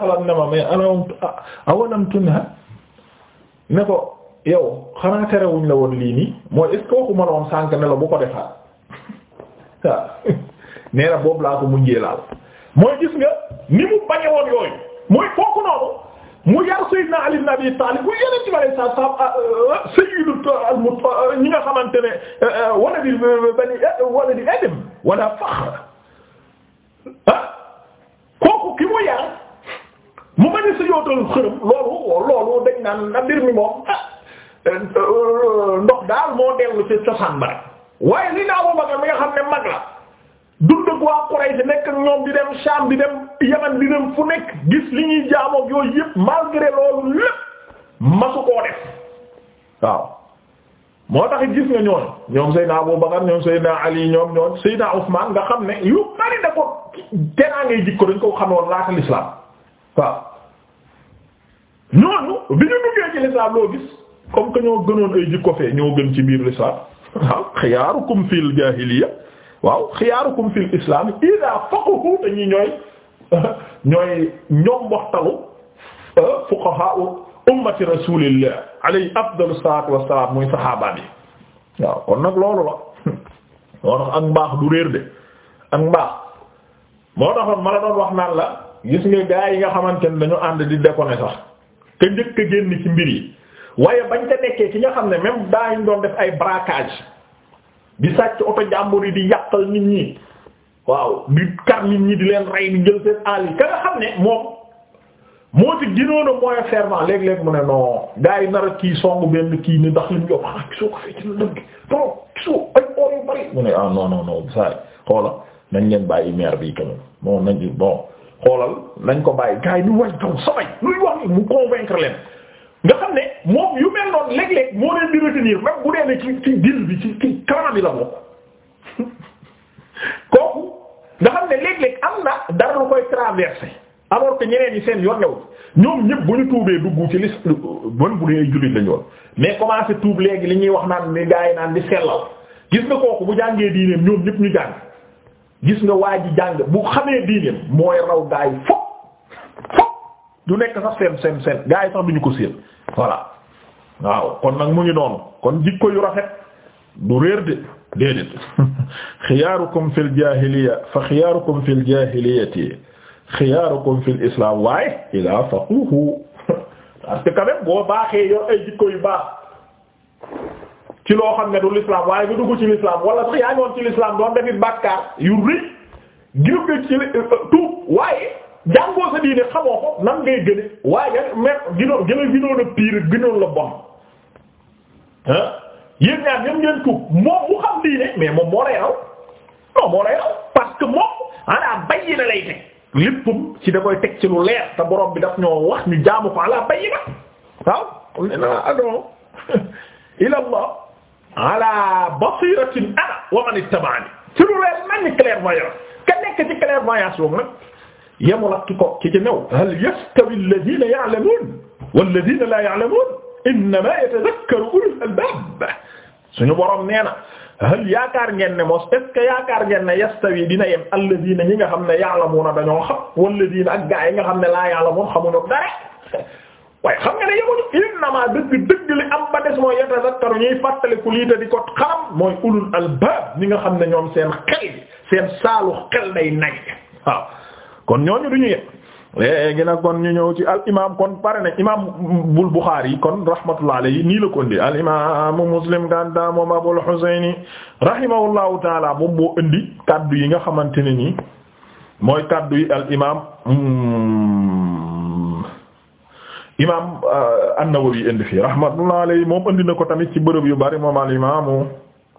salaam ne ma mais awanam tunha ko yow xanaa terewuñ la woon lii nii mooy est-ce que waxuma sànk ne la bu ko defaat nee na boobu laa ko mujjee laal mooy gis nga ni mu bañe woon yooyu mooy foofu noonu mu yar Sayyidina Ali ibn Abi Talib yeneen ci bari sa sa sayyidu ñi nga xamante ne eh, eh, wala di eh, bani wala di ah, kooku ki mu yar mu ma ni sujjóotal xërëm loolu loolu dañ naan na mbir mi moom ah, euh, euh, ndox daal moo dellu ci cosaan ba rek waaye li naa Abubakar mi nga xam ne mag la dund ak waa Quraysh nekk ñoom di dem Sham di dem Yaman di dem fu nekk gis li ñuy jaamook yooyu yëpp malgré loolu lépp masu koo def waaw moo tax gis nga ñoon ñoom Seydina Abubakar ñoom Seydina Ali ñoom ñoon Seydina Usman nga xam ne yu bari da ko teraa ngay jikko dañ ko xamoon laata l'islam waaw ñooñu bi ñu duggee ci lislaam loo gis comme que ñoo gënoon ay jikko fee ñoo gën ci biir lislaam waaw xiyaarukum fil jaahiliya waaw xiyaarukum fil islam ida faquhu te ñi ñooy ñooy ñoom waxtalu euh, fuqahaa ummati rasulillah alayhi afdalu salaatu wassalaam muy saxaabaan yi waaw kon nag loolu la moo tax ak mbaax du réer de ak mbaax moo taxoon ma la doon wax naan la gis nga gaa yi nga xamante ne dañu ànd di déconner sax te njëkk a génn ci mbir yi waaye bañ te nekkee ci nga xam ne même daa ñu doon def ay braquage di sàcc oto jàmbur yi di yàqal nit ñi waaw di kar nit ñi di leen rey di jël seen àll yi ka nga xam ne moom moo ci gënoon a moyen fervent léeg mu ne non gars yi nar kii song benn kii ni ndax li mu yóbbu ah gisoo ko fee ci lu dëgg trop gisoo ay or bari mu ne ah non non non xoola nañ leen bàyyi meer bi quand même nañ bon. xoolal nañ ko bàyyi gars yi ñu way taw mu convaincre leen nga xam ne moom yu mel noonu léeg-léeg moo leen di retenir même bu dee ne ci ci dil bi ci ci am na dara lu koy traversé alors que ñeneen ñi seen yoon new ñoom ñëpp bu ñu tuubee dugg ci li bon bu dee jullit la mais commencé tuub léegi li ñuy wax naan ni gars yi naan di sellal gis nga kooku bu jàngee diineem ñoom ñëpp ñu jàng gis nga waa ji jàng bu xamee diineem mooy raw gaa yi fop fop du nekk sax seen seen seen gaa yi sax du ñu ko séen voilà waaw kon nag mu ngi noonu kon jikko yu rafet du réer de déedéet xiyaarukum fil jaahiliya fa xiyaarukum fil jaahiliyati xiyaarukum fil islam waaye ila faquhu parce que quand boo baaxee yor ay jikko yu baax ci loo xam ne du l'islam waaye nga dugg ci l'islam wala sax yaa ñoon ci l'islam doon defit bàkkaar yu rëy ngir nga ci euh, tuub waaye jàngoo sa diine xamoo ko nan ngay gën a ginoon a pire ginoon la bon ah moom mu xam que moom ci da teg ci lu leer bi daf ñoo wax ñu jaamu ko ala ala basiratin ana wa man ittaba'ani ci lu leer nañ clairvoyance ka nekk ci clairvoyance boobu nag yemul ak ki ko ki ci new hal yastawi alladhina ya'lamun walladhina la ya'lamun innama yatadhakkaru ulul albab suñu borom nee na hal yaakaar ngeen ne mos est ce que yaakaar ngeen ne yastawi dina yem alladhina ñi nga xam ne ya'lamuna dañoo xam walladhina ak gaa yi nga xam ne laa ya'lamun xamuñu dara waaye xam nga ne yemuñu innamaa dëgg dëgg li am ba des mooy yatazakkaru ñuy fàttaliku lii te di ko xalam mooy ulul albaab ñi nga xam ne ñoom seen xel seen saalu xel day nay waaw kon ñooñu duñu yem léegi nag kon ñu ñëw ci al imaam kon pare na imaam bul Buxaari kon rahmatullah alayhi nii la ko indi al imaamu Muslim gàndaa moom Abul Husayni rahimahullahu taala moom boo indi kaddu yi nga xamante ne nii mooy kaddu yi al hmm, imaam euh, an-Nawawi indi fii rahmatullahi alayhi moom indi na ko tamit ci bërëb yu bari moom al imaamu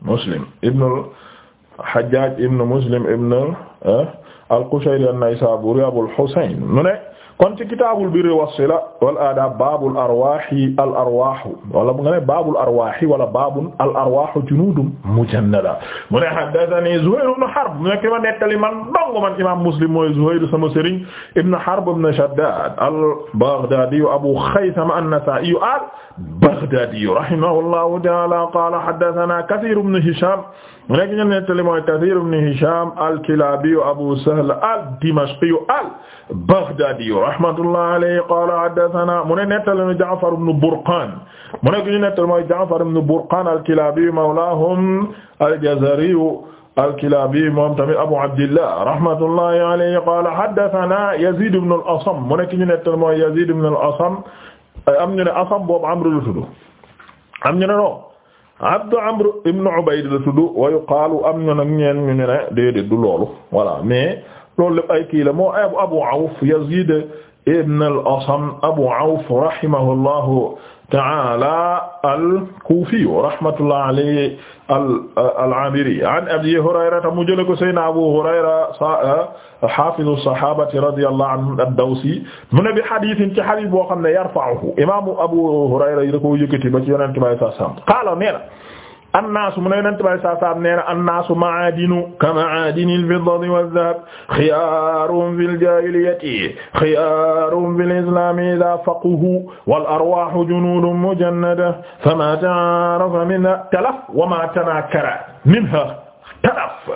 Muslim ibn al-Hajjaj ibn Muslim ibn euh, al-Qushayri an-Naysaburi Abul Husayn mu ne kon ci kitaabul birri wassila wal aadaab baabul arwaaxi al arwaaxu wala mu nga ne baabul arwaaxi wala baabun al arwaaxu junuudun mujannada mu ne haddathanii Zuhayr ibn Harb mu nekk ma nettali man dong man imaam Muslim mooy Zuhayr sama sëriñ ibn Harb ibn Shaddaad al-Baghdaadi Abu Khaythama an-Nasaa'i al-Baghdaadi rahimahullahu ta'aala qaala haddathanaa Kathiir ibn Hishaam mu nekk ñu nettali mooy Kasiir ibn Hishaam al-Kilaabi Abu Sahl ad-Dimashqi al-Baghdaadi rahmatullahi alayhi qaala haddathanaa mu ne nettali mooy Ja'far ibn Burqaan mu nekk ñu nettali mooy Ja'far ibn Burqaan al-Kilaabi mawlaahum al-Jazari al-Kilaabi moom tamit Abu Abdillah rahmatullahi alayhi qaala haddathanaa Yaziid ibn al-Asam mu nekk ñu nettali mooy Yaziid ibn al-Asam am ñu ne Asam boobu Amr la tudd am ñu ne Abdu Amr ibn Ubayd la tudd wa yuqaalu am na nag ñeen ñu ne déedéet du loolu voilà mais loolu lépp ay kii la moo Abu Awf Yazid ibn al-Asam Abu Awf rahimahullahu ta'ala al-Kufi rahmatullah alayhi al-Amiri an Abi Hurayrata mu jëlee ko Seydina Abu Hurayra hafizu sahabati radiyallahu anhu ad-Dawsi mu ne bi hadiisin ci hadiis boo xam ne yarfa'uhu imaamu Abu Hurayra da koo yëkkati ba ci Yonent bi sallallahu alayhi wa sallam qaala nee na annaasu mu ne yonente bay saa saam nee na annaasu ma'adinu ka ma'adini al-fiddati waz-zahab xiyaaruhum fil jaahiliyati xiyaaruhum fil islaami idhaa faqihu wal arwaahu junuudun mujannada famaa ta'aarafa minhaa talaf wa maa tanaakara minhaa talaf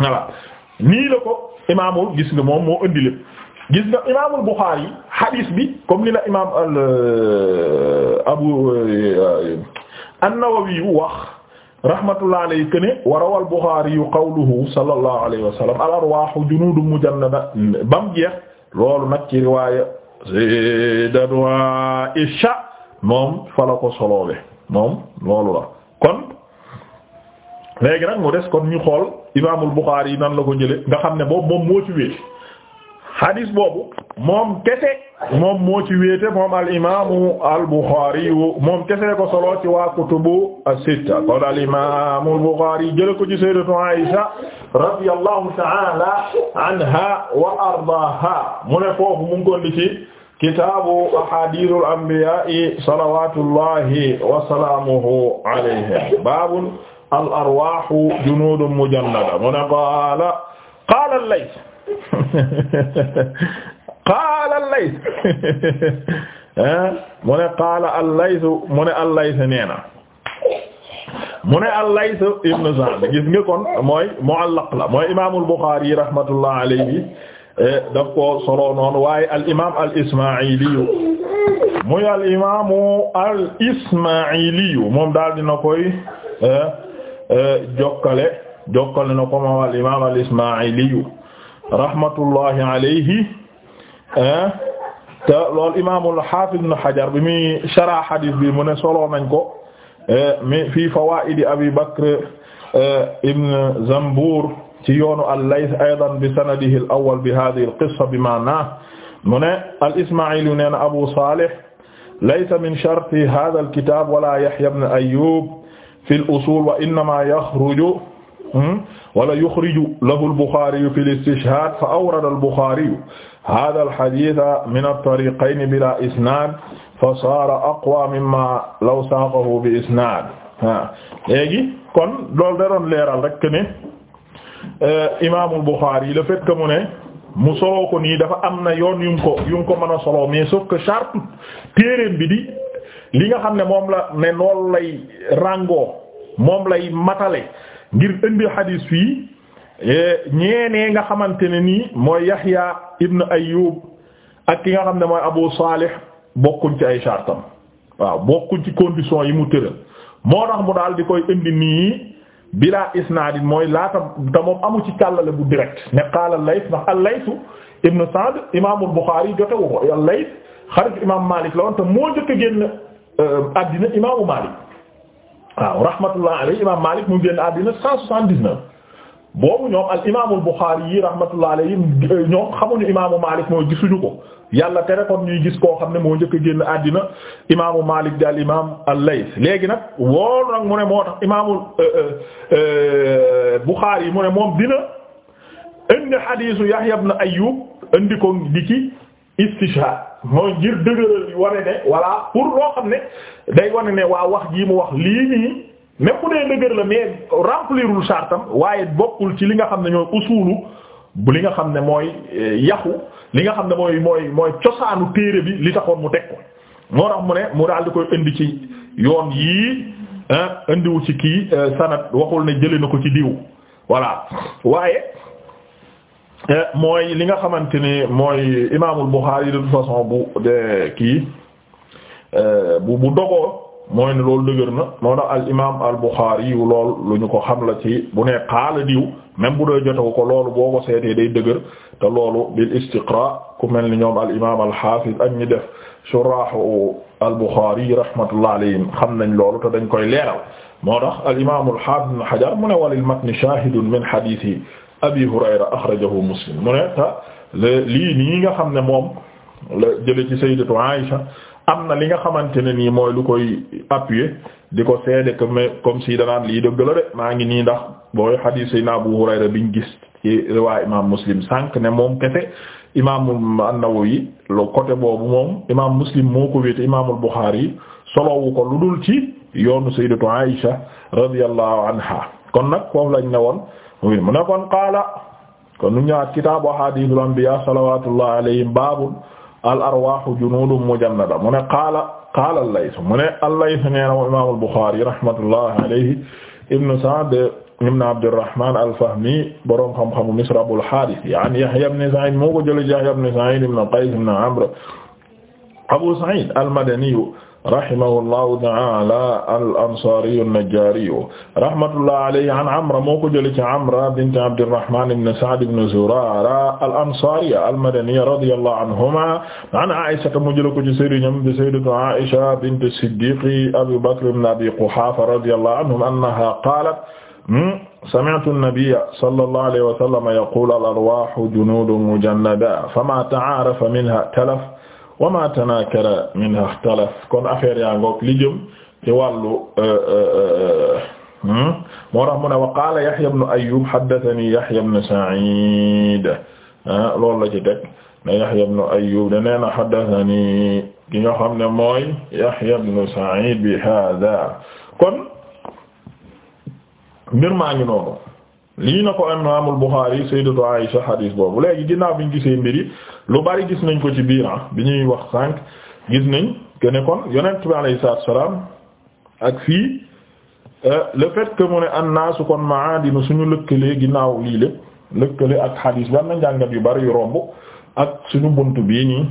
voilà nii la ko imaamul gis nga moom moo indi lépp gis nga imaamul Buxaari hadis bi comme ni la imaam al euh, Abu euh, an-Nawawi wax. rahmatullah alayhi kene wa rawa al-Bukhariyu qawluhu sallallahu alayhi wa sallam al-arwaahu junuudun mujannada bam jeex loolu nag ci riwaaya Sayyidatu Aisha moom fa la ko soloobe moom loolu la kon léegi nag mu des kon ñu xool Imaamul Bukhari nan la ko jëlee nga xam ne boobu moom moo ci wéet hadis boobu moom kese moom moo ci wéete moom al imaamu al Bukhari moom kese ko solo ci waa kutubu as-sitta kon al imaamu al Bukhari jële ko ci sayyidatu Aisha radiyallahu ta'ala anha wa ardaaha mu ne foofu mu ngi gondi ci kitaabu ahadiithul anbiyaa'i salawaatullahi wa salaamuhu alayhim baabun al arwaahu junuudun mujannada mu ne qaala qaala al-Layth qaala al-Layth eh? mu ne qaala al-Layth mu ne al-Layth nee na mu ne al-Layth ibn Sa'd gis nga kon mooy mu'allaq la mooy imaamul Buxaari rahmatullah alayhi eh, daf ko solo noonu waaye al imaam al Ismaa'iili muy al imaamu al Ismaa'iili moom daal dina koy eh, jokkale jokkale na ko moom al imaam al Ismaa'iili rahmatullahi alayhi te loolu imaamul haafid ibn Hajar bi muy sharh hadith bi mu ne solo nañ ko mi fii fawaa'idi Abi Bakr ibn Zambuur ci yoonu al-Layth aydan bi sanadihi al-awwal bi haadhihi al-qissa bi ma'naahu mu ne al-Ismaa'iili nee na Abu Saalih laysa min sharti haadha al-kitaab wala Yahya ibn Ayyuub fi al-usuul wa innamaa yaxruju Hmm? wala yuxriju lahu al-Buxaari fi al-istishhaad fa awrada al-Buxaari haadha al-hadiith min at-tariiqayn aqwa mimmaa law saaqahu bi isnaad léegi kon loolu da leeral rek ne eh, imaamul Buxaari le fait que mu ne mu soloo ko nii dafa am na yoon yu mu ko yu mu ko mën a soloo mais sauf que charte téereem bi di li nga xam ne moom la ne loolu lay ràngoo moom lay matale ngir indi hadis fii ñeenee nga xamante ne nii mooy Yahya ibn Ayyub ak ki nga xam ne mooy Abu Salih bokkuñ ci ay chartam waaw bokkuñ ci condition yi mu tëral moo tax mu daal di koy indi nii bilaa isnaadin mooy laata te moom amu ci càllale bu direct ne qaala Layth ndax al ibn Sa'd imaamul Buxaari jotewu ko al-Layth xarit Maalik la woon moo jëkk génn addina euh, imaamu Maalik waaw rahmatullah alayhi imaam Maalik mu génn àddina 179 boobu ñoom al imaamul Buxaari yi rahmatullah alayhi ñoom xamuñu imaamu Maalik mooy gisuñu ko yàlla tere ñuy gis koo xam ne moo njëkk a génn àddina imaamu Maalik di al imaam al-Layth léegi nag mu ne moo tax imaamul euh, euh, euh, yi mu moom dina indi hadiisu Yahya ibn Ayyub indi ko di istishhad mooy ngir dëgëral yi wane ne voilà pour loo xam ne day wane ne waa wax jii mu wax lii nii même bu dee dëgër la mais remplirul sartam waaye bokkul ci li nga xam ne ñooy usulu bu li nga xam ne mooy eh, yaxu li nga xam ne mooy mooy mooy cosaanu téere bi li taxoon mu teg ko moo tax mu ne mu daal di koy indi ci yoon yii ah, indiwu ci kii eh, sanad waxul ne jëlee na ko ci diw voilà waaye Eh, mooy li nga xamante ni mooy imaamul Buxaari de toute façon bu de kii eh, bu bu dogoo mooy ne loolu dëgër na moo tax al imaam al Buxaari yu lool lu ñu ko xam ci bu ne xaala diw même bu dee jotewu ko loolu boo ko seetee day dëgër te loolu bil ku mel ni ñoom al imaam al xaafis ak ñi def suraahu al Buxaari rahmatullah alayhim xam nañ loolu te dañ koy leera moo tax al imaam al xaafis ibn Hajar mu ne walil matni shaahidun min hadiisi abi hurayra axrajahu muslim mu ne ta lii nii nga xam ne moom la jële ci sayyidatu aisha am na li nga xamante ne nii mooy lu koy appuyer di ko seede comme si danaan lii dëgg la de maa ngi nii ndax booy xadiis sayyidina abu hurayra biñ gis ci riwaay imam muslim sànq ne moom kese imam an-nawawi le boobu moom imam muslim moo ko wéete imaamul buxaari solowu ko lu dul ci yoonu sayyidatu aisha radiyallahu anha kon nag foofu lañ ne woon muy mu ne kon qaala kon nu ñëwaat kitaabu ahadiisul anbiyaa salawaatullahi alayhim baabu al arwaahu junuudun mujannada mu ne qaala qaala al-Layth mu ne al-Layth nee na imaamul Buxaari rahmatullahi alayhi ibnu Sa'd ibn Abdurrahmaan al-Fahmi boroom xam-xamu Misr Abul Haaris an Yahya ibn Sa'iid moo ko jëlee Yahya ibn Sa'iid ibn Qays ibn Amr Abu Sa'iid al-Madaniyu rahimahullahu ta'ala al-Ansari an-Najjari rahmatullahi alayhi an Amra moo ko jëlee ci Amra bint Abdirrahman ibn Sa'd ibn Zurara al-Ansariya al-Madaniya radiyallahu anhuma an Aisha mu jëlee ko ci sëriñam bi sayyidatu Aisha bint as-Siddiq Abi Bakr ibn Abi Quhafa radiyallahu anhum annaha qalat hmm, sami'tu an-nabiyya sallallahu alayhi wa sallam yaqulu al-arwahu junudun mujannada fama ta'arafa minha talaf wa ma tanakara minha ikhtalaf kon affaire yaa ngoog li jëm ci wàllu euh, euh, euh, hmm? moo tax mu ne wa qaala Yahya ibn Ayyub haddathani Yahya ibn Sa'id loolu la ci teg ne Yahya ibn Ayyub da nee na haddathani ki nga xam ne mooy Yahya ibn Sa'id bi hada kon mbir maa ngi noonu lii na ko imaamul Buxaari sayyidatu Aisha xadiis boobu léegi ginnaaw bi ñu gisee mbiri lu bari gis nañ ko ci biir ah bi ñuy wax sànq gis nañ que ne kon yonent bi alayhi salaam ak fii euh, le fait que mu ne annaasu kon maadinu suñu lëkkalee ginnaaw lii lépp lëkkale ak xadiis ban na njàngat yu bari yu romb ak suñu bunt bii nii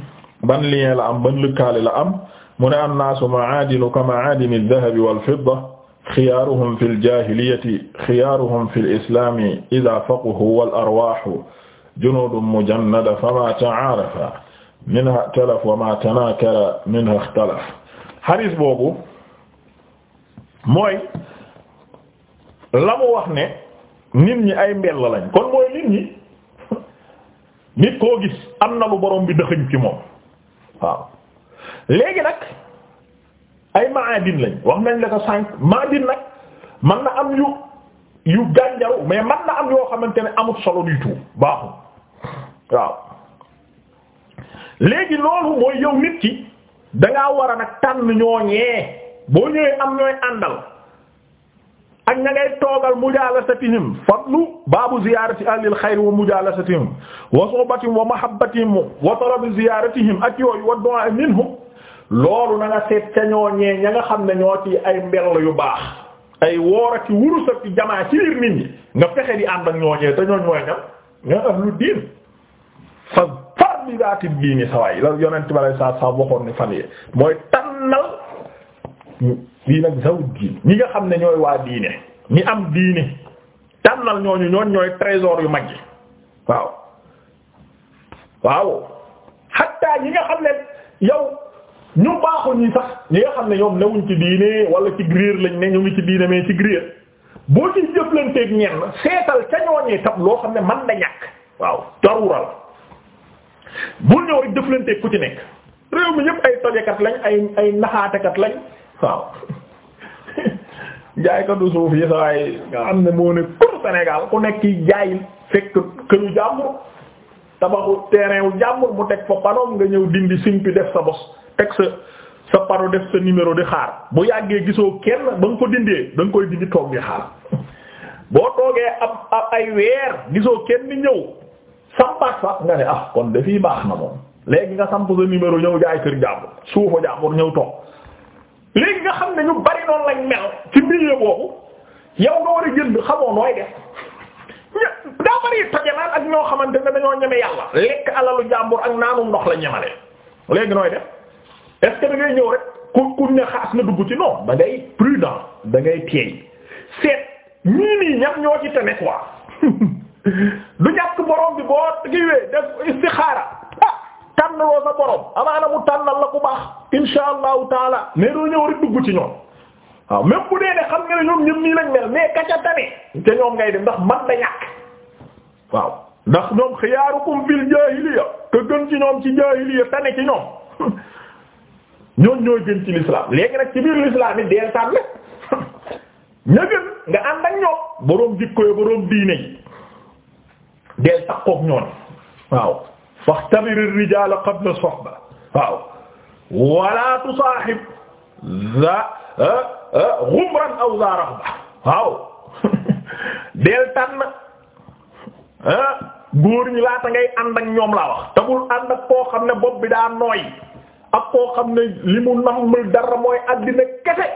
ban lien la am ban lëkkaale laam am mu ne annaasu maadinu ka maadini dahabi wal fidda xiyaaruhum fil jaahiliyati xiyaaruhum fil islaami idaa faquhu wal arwaahu junuudun mujannada famaa ta'aarafa minhaa iktalaf wa maa tanaakara minhaa ixtalaf xadiis boobu mooy la mu wax ne nit ñi ay mbell lañ kon mooy nit ñi nit koo gis am na lu borom bi dëxëñ ci moom waaw léegi nag ay maadin lañ wax nañ la ko sànq maadin nag man na am yu yu gànjaru mais man na am yoo xamante ne amul solo du tout baaxul waaw léegi mooy yow nit ki dangaa war a nag tànn ñooñee boo ñëwee am ñooy àndal ak ña ngay toogal mujalasatihim fadlu baabu ziyaarati ahlil xayri wa mujalasatihim wa suhbatihim wa mahabbatihim wa talabi ziyaratihim ak yooyu wa du'a minhum loolu na nga seet ca ñooñee ña nga xam ne ñoo ci ay mbell yu baax ay woor ak ci wurus ak ci jamaa ci biir nit ñi nga fexe di ànd ak ñooñee te ñooñ mooy ñam ñooy ahlu bi daati diini sawaay mooy tànnal lii nag zawut diin ñi nga xam ne ñooy waa diine ñi am diine tànnal ñooñu ñooñ ñooy trésor yu mag yi waaw waaw hatta ñi nga xam ne yow ñu baaxul ñi sax ñi nga xam ne ñoom newuñ ci diine wala ci grier lañ ne ñu ngi ci diine mais ci grier boo ci jëflanteeg ñenn seetal ca ñooñee tam loo xam ne man da ñàkk waaw darura la bul mi ñëpp ay tojekat lañ ay ay naxaatekat lañ waaw jaay ko du suuf yi sa ay nga xam ne moo ne pour Sénégal ku nekk jaay fekk këru jàmbur tabaxu terrain wu jàmbur mu teg fa panoom nga ñëw dindi simpi def sa bos teg sa sa paro def sa numéro di xaar bu yàggee gisoo kenn ba nga ko dindee da nga koy dindi toog di xaar boo toogee ab ay weer gisoo kenn di ñëw sampaat fa nga ne ah kon dafii baax na moom léegi nga samp sa numéro ñëw jaay kër jàmbur suufa jàmbur ñëw toog léegi xam ne ñu bari noonu lañ mel ci milieu boobu yow nga war a jënd xamoo nooy def daa bari tojalaan ak ñoo xamante ne dañoo ñeme yàlla lekk alalu jàmbur ak naanum ndox la ñemale léegi nooy def est-ce ñëw rek ku ku ne xaas na dugg ci non da ngay prudent da ngay teey seet ñii ñam ñoo ci tane quoi du ñàkk borom bi boo kiiwee def istixaara ah tànnaloo sa borom amaana mu tànnal la ku baax insha allahu taala mais doo ñëw rek dugg ci ñoom waaw même bu dee ne xam nga ne ñoom ñëpp nii lañ mel mais kaca tane te ñoom ngay dem ndax man da ñàkk waaw ndax ñoom xiyaarukum fil jaahiliya te gën ci ñoom ci jaahiliya tane ci ñoom ñoon ñooy gën ci l'islam léegi nag ci biir l'islam yi deel tànn gën nga ànd ak ñoom boroom jikko yi boroom diine yi deel takkook ñoon waaw faxtabir ar-rijaal qabla suhba waaw wala tusaaxib za ah, ah, ghumran aw za raghba waaw ah, ñi laata ngay ànd ak ñoom laa wax te bul ak koo xam ne bopp bi daa nooy ak koo xam ne li mu nammul dara mooy àddina kese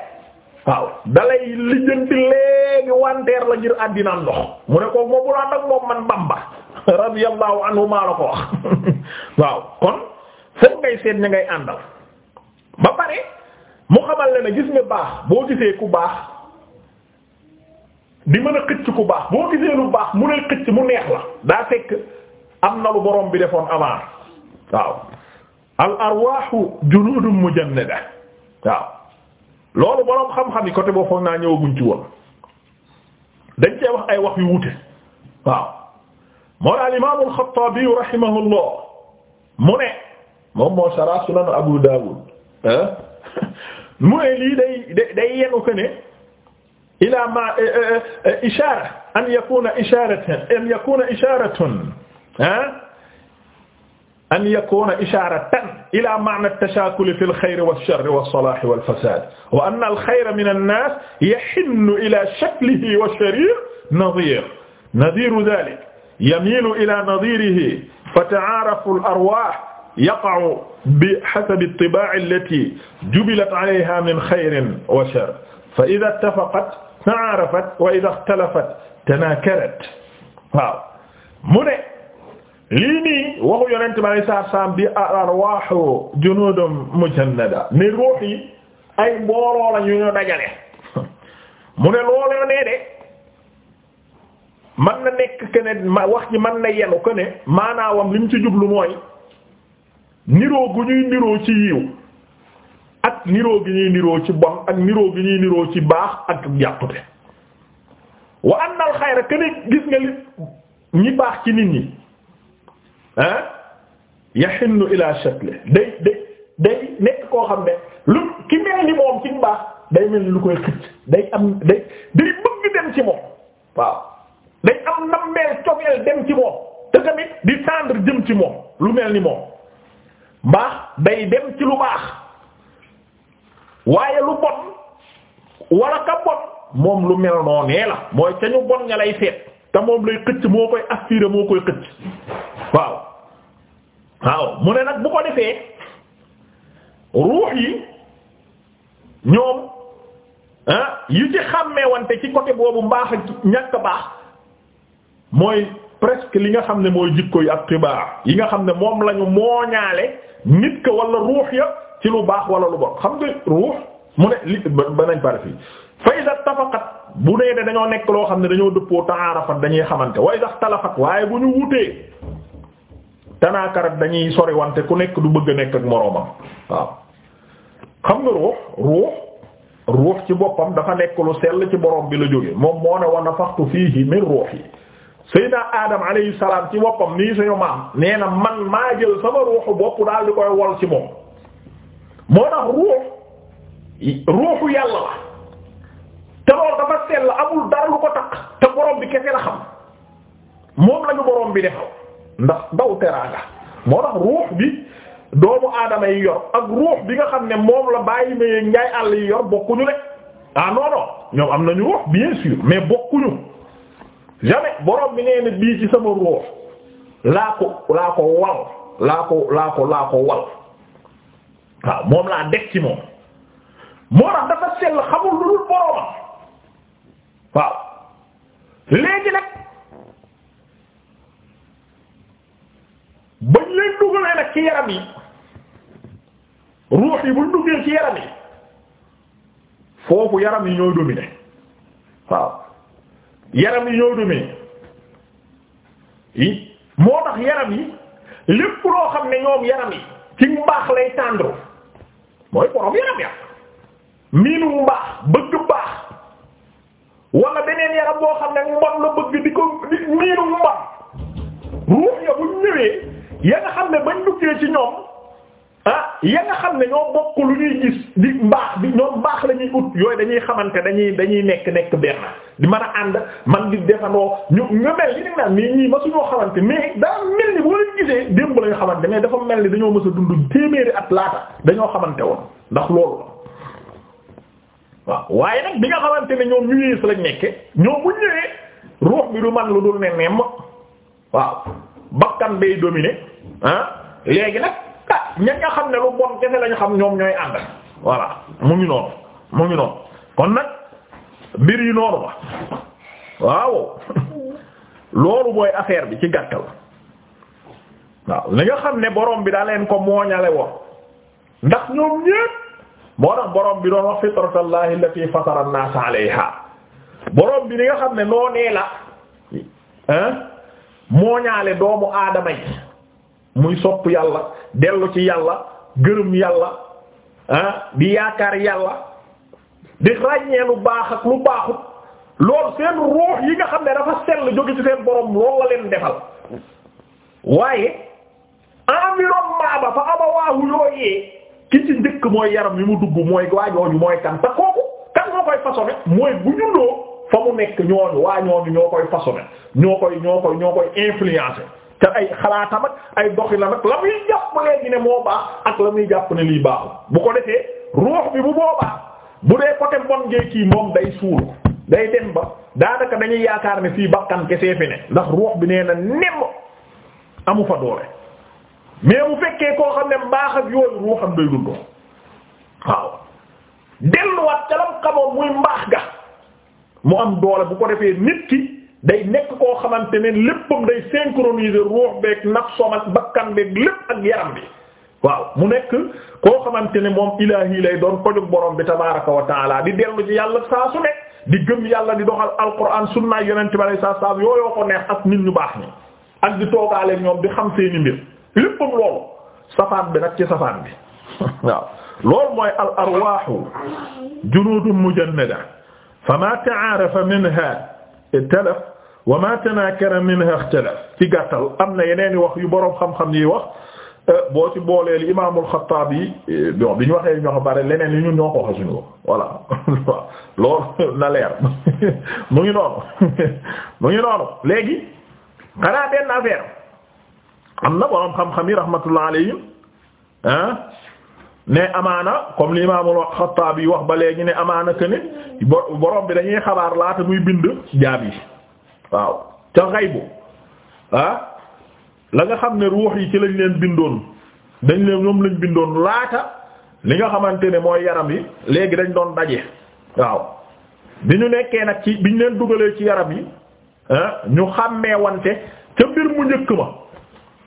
waaw dalay lijjanti léegi wanteer la ngir àddina ndox mu ne ko moom bu laa nag moom man Bamba radiyallahu anhu maa la ko wax waaw kon foog ngay seet ña ngay àndal ba pare mu xamal le ne gis nga baax boo gisee ku baax di mën a xëcc ku baax boo gisee lu baax mu ne xëcc mu neex la daa fekk am na lu borom bi defoon avant waaw al arwaaxu junuudun mujannada waaw loolu boroom xam-xam yi côté boo foog naa ñëwaguñ ci woon dañ cee wax ay wax yu wute waaw moo daal imaam al-Xattaabi rahimahullah mu ne moom moo sara sunan Abu Daawud mu ne lii day day yenu ko ne ila ma e, e, e, ishaara an yakuna ishaaratan an yakuna ishaaratan ha an yakuna isharatan ila ma'na at-tashakul fi al-khayr wash-sharr was-salah wal-fasad wa anna al-khayra min an-nas yahinnu ila shaklihi wash-sharir nadhir nadhiru dhalik yamilu ila nadhirihi fata'arafu al-arwah yaqa'u bihasabi at-tiba' allati jubilat 'alayha min khayrin wa sharr fa idha ittafaqat ta'arafat wa idha ikhtalafat tanakarat waaw mu ne lii nii waxu yonent bi alayhi salaatu salaam bi arwaahu junuudun mujannada ne ruux yi ay mbooloo la ñu ñu dajale mu ne looloo nee de man na nekk que ne ma wax ji man na yenu que ne maanaawam li ci jublu mooy niroo gu ñuy niroo ci yiw ak niroo gi ñuy niroo ci bon ak niroo gi ñuy niroo ci baax ak yàqute wa annal xayra que ne gis nga li ñi baax ci nit ñi. ah yaxinnu ila shatle day day day nekk koo xam ne lu ki mel ni moom ci mbaax day mel ni lu koy xëcc day am day day bëgg dem ci moom waaw day am nammeel cofeel dem ci moom te tamit di tendre jëm ci moom lu mel ni moom mbaax day dem ci lu baax waaye lu bon wala ka bon moom lu mel noonee la mooy ca ñu bon nga lay seet te moom lay xëcc moo koy aspiré moo koy xëcc waaw waaw mu ne nag bu ko defee ruux yi ñoom ah yi ci xàmmeewante ci côté boobu mbaax ak ñàkk baax mooy presque li nga xam ne mooy jikko yi ak xibaar yi nga xam ne moom lañu mooñaale nit ko wala ruux ya ci lu baax wala lu bon xam nga ruux mu ne li ba nañ pare fii fa iza tafaqat bu nee de dañoo nekk loo xam ne dañoo dëppoo ta'arafat dañuy xamante wa iza talafat waaye bu ñu wutee tanaakarat dañuy sori wante ku nekk du bëgg a nekk moroomam waaw xam nga ruux ruux ruux ci boppam dafa nekk lu sell ci borom bi la jóge moom moo ne wa nafaxtu fiihi min ruuhi sayyidina adam alayhi ci boppam nii suñu maam nee na man maa jël sama ruuxu bopp daal di koy wol ci moom moo tax ruux ruuxu yàlla la te loolu dafa sell amul dara lu ko takk te borom bi kese la xam moom lañu borom bi defal ndax daw teraanga moo tax ruux bi doomu aadama yi yor ak ruux bi nga xam ne moom la bàyyi mayee njaay àll yi yor bokkuñu rek ah non ñoom am nañu ruux bien sûr mais bokkuñu jamais borom bi nee bii ci sama ruux laa ko laa ko wal laa ko laa ko laa ko wal waaw moom laa def ci moom moo tax dafa sell xamul lu dul boromam waaw léegi nag bañ leen dugalee nag ci yaram yi ruux yi buñ duggee ci yaram yi foofu yaram yi ñooy dominer waaw yaram yi ñooy dominer yi moo tax yaram yi lépp loo xam ne ñoom yaram yi ci mbaax lay tendre mooy borom yaram ya miinu mbaax bëgg mbaax wala beneen yaram boo xam ne mbon la bëgg di ko miinu mbon ruux ya bu ñëwee ya nga xam ne bañ duggee ci ñoom ah ya nga xam ne ñoo bokk lu ñuy gis di mbaax di ñoom mbaax la ut yooyu dañuy xamante dañuy dañuy nekk nekk benn di man a ànd man di defandoo ñu nga mel li nag naan ma suñoo xamante mais daa mel ni boo leen gisee démb la xamante mais dafa mel ni dañoo mës a dund téeméeri at laata dañoo xamante woon ndax loolu la waaw waaye nag bi nga xamante ne ñoom ñu yées lañ nekke ñoom bu ñëwee ruux bi du man lu dul ne nemm waaw bakkan bay dominer Ah léegi nag ah nga xam ne lu bon kese lañu xam ñoom ñooy ànd voilà mu ngi noonu mu ngi noonu kon nag mbir yi noonu ba waaw loolu mooy affaire bi ci gàttal waaw li nga xam ne borom bi daa leen ko mooñale woon ndax ñoom ñépp moo tax borom bi doon wax fitratallahi allati fatara borom bi li nga xam ne noonee la hein mooñaale doomu aadama yi muy sopp yàlla dellu ci yàlla gërëm yàlla ah di yaakaar yàlla di ràññee lu baax ak lu baaxut loolu seen ruux yi nga xam ne dafa sell jóge ci seen borom loolu la leen defal waaye environnement ba fa abawaahu yooyee ki ci njëkk mooy yaram yi mu dugg mooy waajooju mooy kan te kooku kan moo koy façonné mooy bu ñu loo fa mu nekk ñooñu waa ñooñu ñoo koy façonné ñoo koy ñoo koy ñoo te ay xalaatam ak ay doxinam ak la muy jàpp léegi ne moo baax ak la muy jàpp ne lii baaxul bu ko defee ruux bi bu boobaa bu dee côté bon ngee kii moom day suul day dem ba daanaka dañuy yaakaar ne fii bakkan kesee fi ne ndax ruux bi nee na nemm amu fa doole mais bu fekkee koo xam ne mbaax ak yooyu ruuxam day dundoo waaw delluwaat ca lam xamoon muy mbaax ga mu am doole bu ko defee nit ki day nekk koo xamante ne léppam day synchroniser ruux beeg nafsom ak bakkan beeg lépp ak yaram bi waaw mu nekk koo xamante ne moom ilaahi lay doon kojug borom bi tabaaraka wa taala di dellu ci yàlla saa su nekk di gëm yàlla di doxal alquran sunna yonent bi alayhi salaam yooyoo ko neex ak nit ñu baax ni ak di toogaale ñoom di xam seeni mbir léppam loolu safaan bi nag ci safaan bi waaw loolu mooy al arwaahu junuudun talaf wa ma tanakara minha ikhtalaf ci gàttal am na yeneen i wax yu boroom xam-xam yi wax eh, boo ci boole imaamul Xattaabi eh, bon bi ñu waxee ñoo ko bare leneen li ñun ñoo ko waxee suñu ko voilà loolu na leer mu ngi noonu mu ngi noonu léegi xanaa benn affaire am na boroom xam-xam yi rahmatullah alayhim ah ne amaana comme li imaamul yi wax ba léegi ne amaana que ne borom bi dañuy xabaar laata muy bind jaab yi waaw ca bu ah la nga xam ne ruux yi ci lañ leen bindoon dañ leen ñoom lañ bindoon laata li nga xamante ne mooy yaram yi léegi dañ doon daje waaw bi ñu nekkee nag ci bi ñu leen dugalee ci yaram yi ah, ñu xàmmee wante ca mbir mu njëkk ma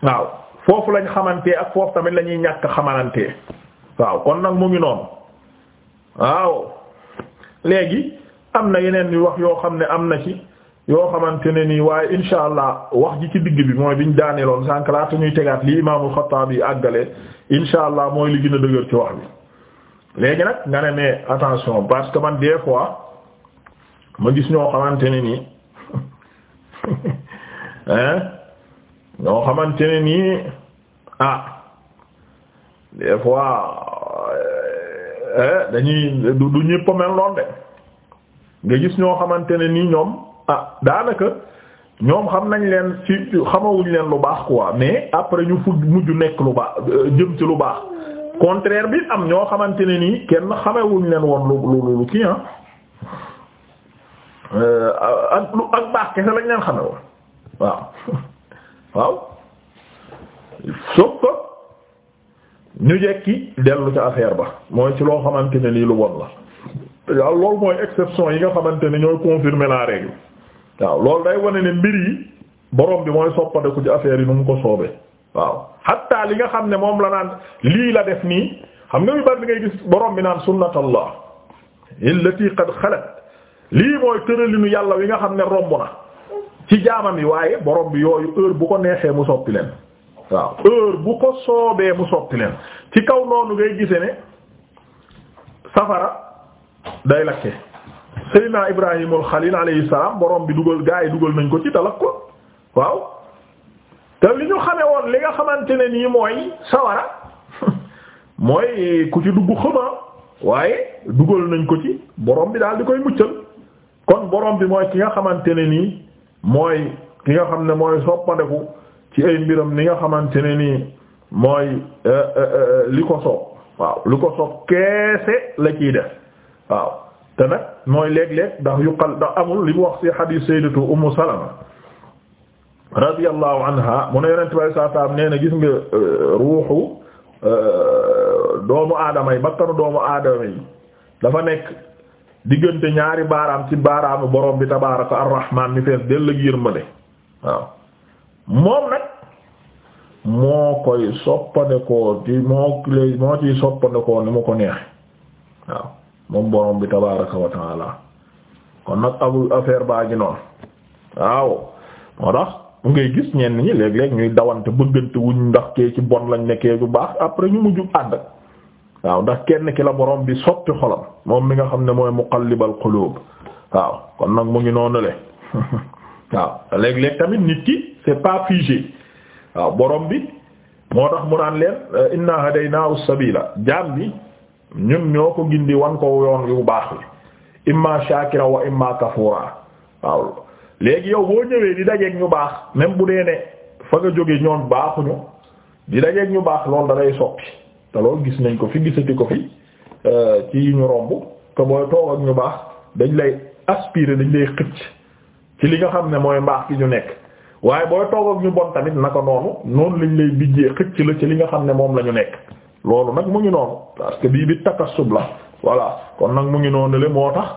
waaw foofu lañ xamante ak foofu tamit lañuy ñuy ñàkk xamalante waaw kon nag mu ngi noonu waaw léegi am na yeneen yu wax yoo xam ne am na ci yoo xamante ne nii waaye insha allah wax ji ci digg bi mooy biñ daaneeloon sànq laata ñuy tegaat li imaamul Xattaabi yi àggale insha allah mooy li gën a dëgër ci wax bi léegi nag nga ne mais attention parce que man des fois ma gis ñoo xamante ne nii hein ñoo xamante ne nii ah des Euh, euh, dañuy du ñëpp mel noonu de nga gis ñoo xamante ne nii ñoom ah daanaka ñoom xam nañ leen ci xamawuñ leen lu baax quoi mais après ñu fu mujj nekk lu baax euh, jëm ci lu baax contraire bi am ñoo xamante ne nii kenn xamewuñ leen woon lu lu lu kii ah. ak lu ak baax kese lañ leen xame woon waaw waaw soog ko ñu jekki dellu ci affaire ba mooy ci loo xamante ne nii lu bon la waaw loolu mooy exception yi nga xamante ni ñooy confirmer la règle waaw loolu day wane ne mbir yi borom bi mooy soppandeku ci affaire yi nu mu ko soobee waaw hatta li nga xam ne moom la naan lii la def nii xam nga yu bari ngay gis boroom bi naan sunnatallah illati qad xalat lii mooy tëralinu yàlla wi nga xam ne romb na ci jaamam yi waaye borom bi yooyu heure bu ko neexee mu soppi leen. waaw heure bu ko soobee mu sotti leen ci kaw noonu ngay gise ne safara day lakke Seydina Ibrahimul Xalil alayhi salaam borom bi dugal gaa yi dugal nañ ko ci talak ko waaw te li ñu xame woon li nga xamante ne nii mooy sawara mooy ku ci dugg xëmaa waaye dugal nañ ko ci borom bi daal di koy muccal kon borom bi mooy ki nga xamante ne nii mooy ki nga xam ne mooy soppandeku ci ay mbiram ni nga xamante ne nii mooy euh, euh, euh, li ko soob waaw li ko soob keese la ciy def waaw te nag mooy léeg-léeg ndax yuqal ndax amul li mu wax ci xadiis sayyidatu ummu salama radiyallahu anha mu ne yonent bi saa saam nee na gis nga ruuxu doomu aadama yi bakkanu doomu aadama yi dafa nekk diggante ñaari baaraam ci baaraamu borom bi tabaaraka ar-rahmaan mi fees dell ak yërmande waaw moom nag moo koy soppandekoo ci moo lay moo ciy soppandekoo ni mu ko neex waaw moom borom bi tabaaraka wa kon nag abu affaire baa ngi noonu waaw moo tax ngay gis ñenn ñi léeg-léeg ñuy dawante bëggante wuñ ndax kee ci bon lañ nekkee bu baax après ñu mujj àdd waaw ndax kenn ki la borom bi sotti xolam moom mi nga xam ne mooy muqallibal qulub waaw kon nag mu ngi noonu le waaw léeg-léeg tamit nit ki c'est pas figé waaw borom bi moo tax mu naan leen euh, inna hadaynaahu sabila jaam bi ñun ñoo ko gindi wan ko yoon yu baax li imma shakira wa imma kafura waaw léegi yow boo ñëwee di dajeeg ñu baax même bu dee ne fa nga jóge ñoom baaxuñu di dajeeg ñu baax lool da lay soppi te loo gis nañ ko fi gisati ko fi euh, ci ñu romb te booy toog ak ñu baax dañ lay aspirer dañ lay xëcc ci li nga xam ne mooy mbaax gi ñu nekk waaye booy toog ak ñu bon tamit naka noonu noonu lañ lay bijjee xëcc la ci li nga xam ne moom la ñu nekk loolu nag mu ngi noonu parce que bii bi takassub la voilà kon nag mu ngi noonu le moo tax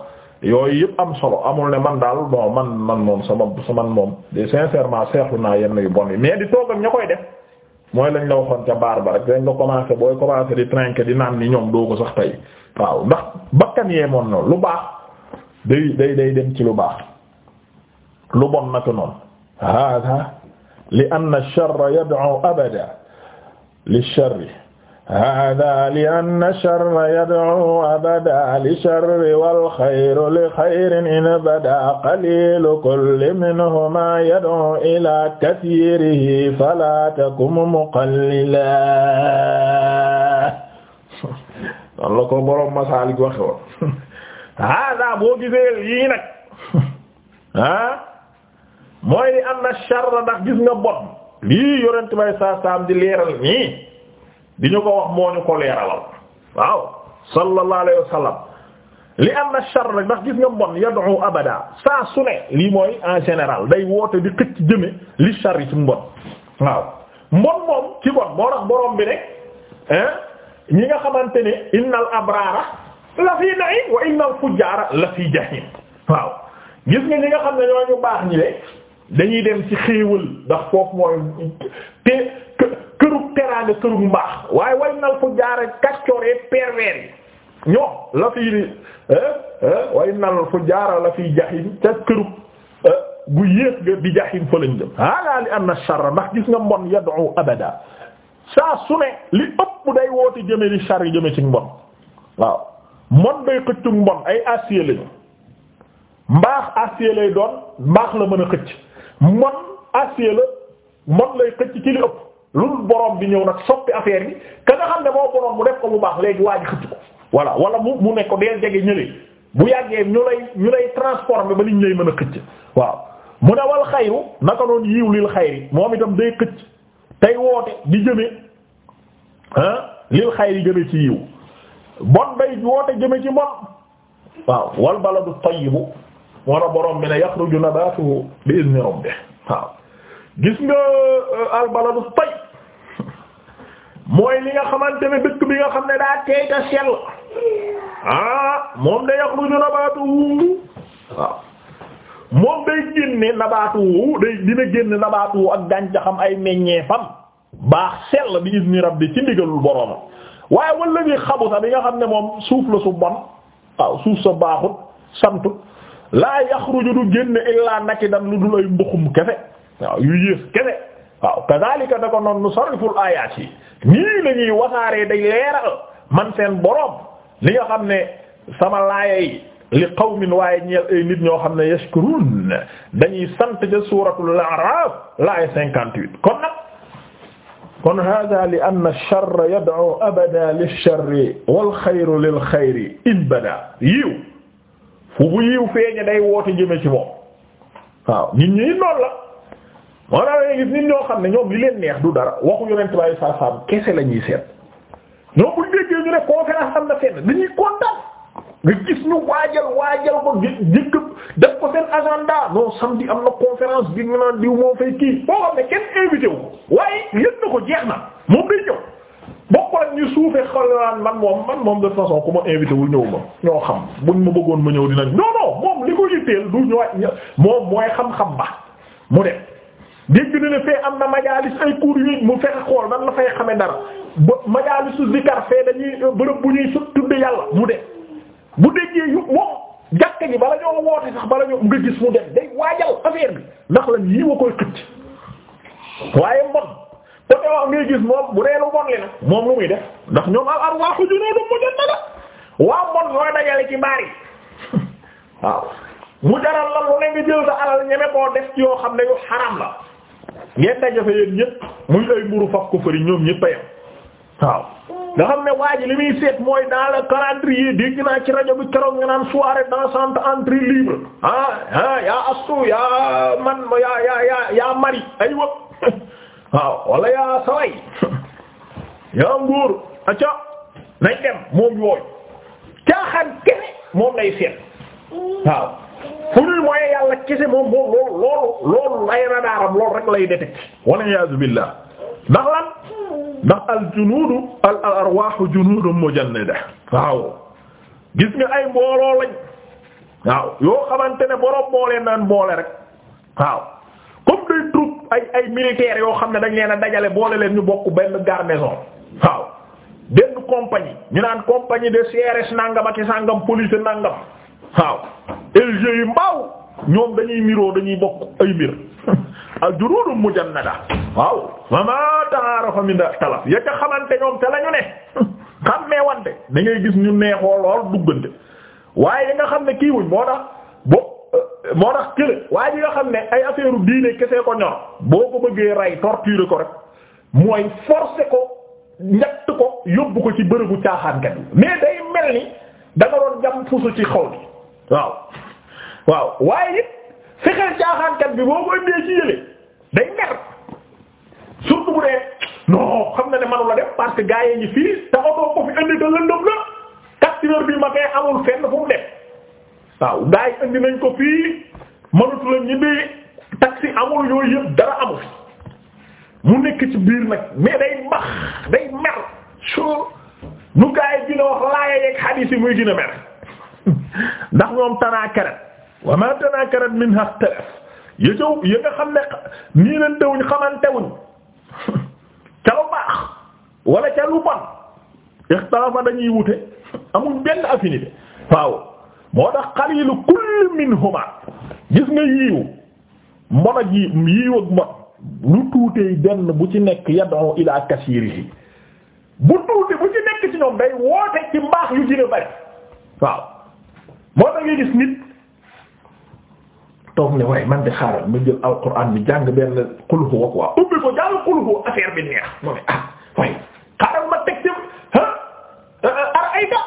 yooyu yëpp am solo amul ne man daal bon man man moom sama sa man moom de sincèrement seexlu naa yenn yu bon yi mais di toog ak ña koy def mooy lañ la waxoon ca baar ba rek dañ nga commencé booy commencé di trinquer di naan ni ñoom doo ko sax tey waaw ndax bakkan yee moom noonu lu baax day day day ci lu baax lu bon naka noonu. hada li anna ash-sharra yad'u abada lish-sharri hada li anna ash-sharra yad'u abada lish-sharri wal khayru li khayrin in bada qalilu kulli minhuma yad'u ila kathirihi fala takum muqallila noonu la ko boroom masaalik waxe woon hada boo gisee yi nag ha mooy di am na sharra ndax gis nga bon lii yorent may saa saam di leeral nii di ñu ko wax moo ñu ko leeralal waaw sallallahu alayhi li am na sharra ndax gis nga bon yad'u abada saa su ne lii mooy en général day woote di xëcc jëme li yi ci mbon waaw mbon moom ci bon moo tax borom bi rek ñi nga xamante ne innal abrara la fi na'im wa innal fujjara la fi jahim waaw gis nga ñi nga xam ne ñoo ñu baax ñi de dañuy dem ci xéewal ndax foofu mooy te këru teraanga këru mbaax waaye way nal fu jaara kaccooree pervers yi ñoo la fii di eh, eh, way nal fu jaara la fiy jaxim ca këru eh, gu yées nga di jaxim fa lañ jëm ala li anna sharra ndax gis nga mbon yad'u abada saa su ne li ëpp day woote jëme li shar yi jëme ci mbon waaw mbon day xëccu mbon ay acier lañu mbaax acier lay doon mbaax la mën a xëcc mbon acier la mbon lay xëcc ci li ëpp lu borom bi ñëw nag soppi affaire yi ka nga xam ne moo borom bu def ko bu baax léegi waa ji xëcc ko voilà wala mu mu nekk ko deel jege ñële bu yàggee ñu lay ñu lay transformer ba liñ lay mën a xëcc waaw mu ne wal xayru naka noonu yiw lil xayri moom itam day xëcc tey woote di jëme ah lil xayri jëme ci yiw bon day woote jëme ci mbon waaw wal baladu tayyibu moo tax borom bi ne yaxruju nabaatuhu bi izni rabbih waaw gis nga euh, al baladu mooy li nga xamante ne dëkk bi nga xam ne daa teey ta sell ah moom de yaxruju nabaatuhu waaw moom day génne nabaatuhu day dina génne nabaatuhu ak gàncaxam ay meññeefam baax sell bi izni rabbi ci ndigalul boroomam waaye walla bi xabusa bi nga xam ne moom suuf la su bon suuf sa baaxut santut laa yaxruju du génn illaa nakidan lu dul ay mbuxum kefe waaw yu yées kefe waaw da ko noon nu sarriful ayaat yi leeral man seen boroom li nga xam ne sama laaya yi li qawmin waaye ñeel ay nit ñoo xam ne yashkurun dañuy sant ca suuratul a'raaf laaya cinquante-huit kon nag kon hada li anna ash-sharra yad'u abada lish-sharri wal khayru in bada fu bu yiw feeñe day woote jëme ci moom waaw nit ñi noonu la moo naa gis nit ñoo xam ne ñoom li leen neex du dara waxu yonent bàyyi saa saam kese la ñuy seet ñoom buñ déggee ñu ne conférence am na fenn dañuy kontaan nga gis ñu waajal waajal ko jëkk def ko seen agenda non samedi am na conférence bi ñu naan diw moo fay kii boo xam ne kenn invité wu waaye yëg na ko jeex na moom day ñëw bokk ak ñu suufee xalanaan man moom man moom de façon ku ma invité wul ñëw ma ñoo xam buñ ma bëggoon ma ñëw dinañ non non moom li ko yitteel du ñoo moom mooy xam-xam ba mu dem dégg na ne fee am na majaalis ay cours yu mu fexe xool nan na fay xame dara ba majaalisu zikar fee dañuy euh, bërëb bu ñuy sut tudd yàlla mu de bu déggee yu moom jàkka ji bala ñoo woote sax bala ñoo nga gis mu dem day waajal affaire bi ndax la yii wa koy xëcc waaye ginnaaw ngay gis moom bu dee lu bon li moom lu muy def ndax ñoom al arwaaxu junuudun mujaddada waaw mon ñooy dajale ci mbaar yi waaw mu jaral la lu nga jël sa alal ñeme koo def ci yoo xam ne yu xaram la ngeen dajafe yéen ñëpp muy ay mburu faf ko fëri ñoom ñëpp a waaw nga xam ne waa ji li muy seet mooy dans le calendrier dégg naa ci rajo bi keroog nga naan soirée dansante entrée libre ah ah yaa astu yaa man yaa yaa yaa yaa mari ay wëp waaw wala yaa saway yaa nguur acca nañ dem moom yooyu caaxaan kese moom lay seet waaw fu ñuy mooy yàlla moom moom loolu loolu loolu lay radaaram loolu lay détecté wala iyaazu billah ndax lan ndax al junuudu al al arwaaxu junuudu aw waaw ay mbooloo lañ waaw yoo xamante ne borom boolee naan mboole rek waaw comme day troupe ay ay militaires yoo xam ne dañ leen a dajale boole leen ñu bokk benn garnison waaw benn compagnie ñu naan compagnie de CRS nangam ak sangam police nangam waaw LG yi mbaaw ñoom dañuy miroo dañuy bokk ay mbir al juróodu mujannada waaw mama taarafa min talaf ya ca xamante ñoom te la ne xammee wante da ngay gis ñu neexoo lool duggante waaye ya nga xam ne kii wuñ moo tax bo moo tax kële waaye ji nga xam ne ay affaire diine kese ko ñor boo ko bëggee rey torturer ko rek mooy forcer ko ñett ko yóbbu ko ci bërëbu caaxaankat bi mais day mel ni da doon jam fusu ci xaw bi waaw waaw waaye it fexeel caaxaankat bi boo ko indee ci yële day mer surtout bu dee non xam na ne manu la parce que gaa yi ngi fii te oto ko fi indi te lëndëm la quatre heures du matin amul fenn fu mu def waaw gaa yi nañ ko fii mënatu la ñibbi taxi amul yooyu yëpp dara amul mu nekk ci biir nag mais day max day mer soo nu gaa yi dina wax laaya yeeg xadiis yi muy dina mer ndax ñoom tanaakarat wa ma tanaakarat min haftalaf ya jaw ya xam ne nii leen dawuñ xamantewuñ ca lu baax wala ca lu bon ixtilaafa dañuy wute amul benn affinité waaw moo tax xaliilu kulli minhuma gis nga yiiw mbon ak yi yiiw ak mbon lu tuutee bu ci nekk yad'u ila kasirihi bu tuuti bu ci nekk ci ñoom day woote ci mbaax yu gën bari waaw moo tax nga gis nit toog ne waaye man de xaaral ma jël alquran bi jàng benn qul huwa ubbi ko jàng qul huwa affaire bi neex mu ne ah waaye xaaral ma teg ci ar ayta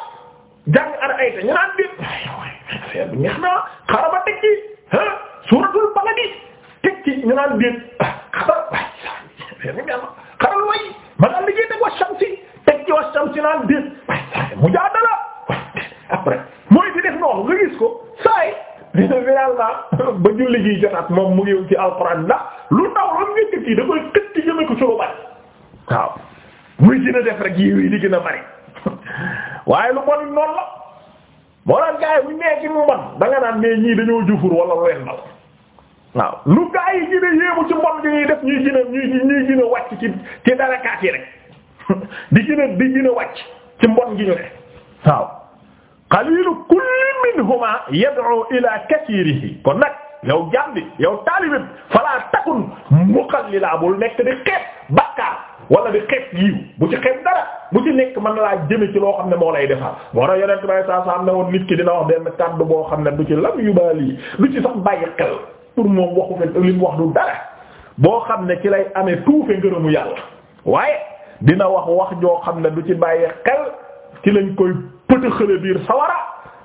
jàng ar ayta ñu naan affaire bi naa xaaral ma teg ci ah suuratul baladi teg ci ñu naan déet ah, saa yi ma daal di génne wa shamsi teg ci wa shamsi mujaadala après mooy di def noonu nga gis ko saa ba julli gi jotaat moom mu ngi ci alxuraan ndax lu ndaw lu njëkk kii da koy xëcc ci jëme ko ci lu bari waaw def rek yi yi di gën a bari waaye lu bon noonu la. moo daan gaa yi nee ci mu man da naan mais ñii dañoo jufur wala lu leen waaw lu gaa yi gën a yéemu ci mbon gi def ñuy gën a ñuy ñuy a wàcc ci ci darakaat yi rek di gën a di gën a wàcc ci mbon gi ñu ne waaw qalilu kulli minhuma yad'u ila kathirihi kon nag yow jàmbi yow taalibi fala takun muqallila bul nekk di xeet bakkaar wala di xeeb yiw bu ci xeeb dara bu ci nekk mën laa jëme ci loo xam ne moo lay defar moo tax yonent bay saa saa am ne woon nit ki dina wax benn kàddu boo xam ne du ci lam yu baali du ci sax bàyyi xel pour moom waxu fe li mu wax du dara boo xam ne ci lay amee tuufe ngërëmu yàlla waaye dina wax wax joo xam ne du ci bàyyi xel ci lañ koy pëtëxale biir sawara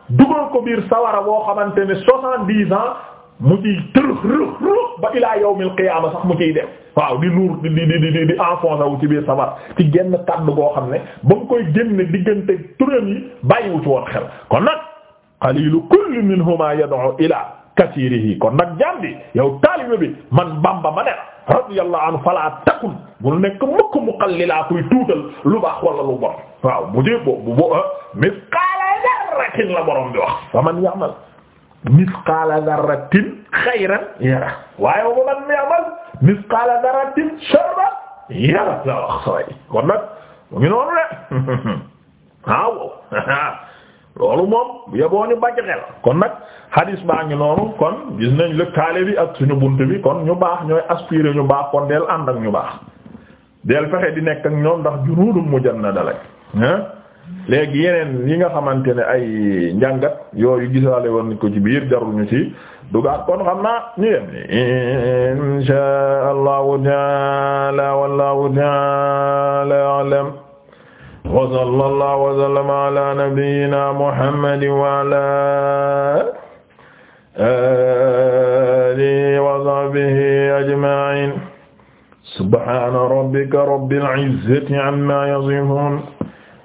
dugal ko biir sawara boo xamante ne soixante-dix ans mu ciy tërëx rëx rëx ba ilaa yawmil qiyaama sax mu ciy def waaw di nuur di di di di di enfoncé wu ci biir sabar ci genn kàddu goo xam ne ba nga koy génne diggante turam yi bàyyiwu ci woon xel kon nag qaliilu kulli minhumaa yad'u ilaa kasiirihi kon nag jàmbi yow taalibe bi man bamba ma ne radiyallahu anhu falaa takun bul nekk mukk muqallilaa kuy tuutal lu baax wala lu bon waaw bu dee bo bu bo ah, la borom bi wax fa man ya'mal misqaala darratin xayran yara waaye wa man ya'mal misqaala darratin sharran yara la wax kon nag mu ngi noonu le waaw loolu moom yeboo ñu bàcc xel kon nag hadis baa ngi noonu kon gis nañ lëkkaale bi ak suñu bunt bi kon ñu baax ñooy aspirer ñu baax kon del ànd ak ñu baax del fexe di nekk ak ñoom ndax junuudum mujannada lañ léegi yeneen yi nga xamante ne ay njàngat yooyu gisaale woon ko ci biir jarul ñu ci dugaat kon xam naa ñu yem ni insha allahu taala wallahu taala alam wa sallallahu wa sallama ala nabiyyina muhammadin wa ala alihi wa sahbihi ajma'in subhana rabbika rabbil izzati amma yasifun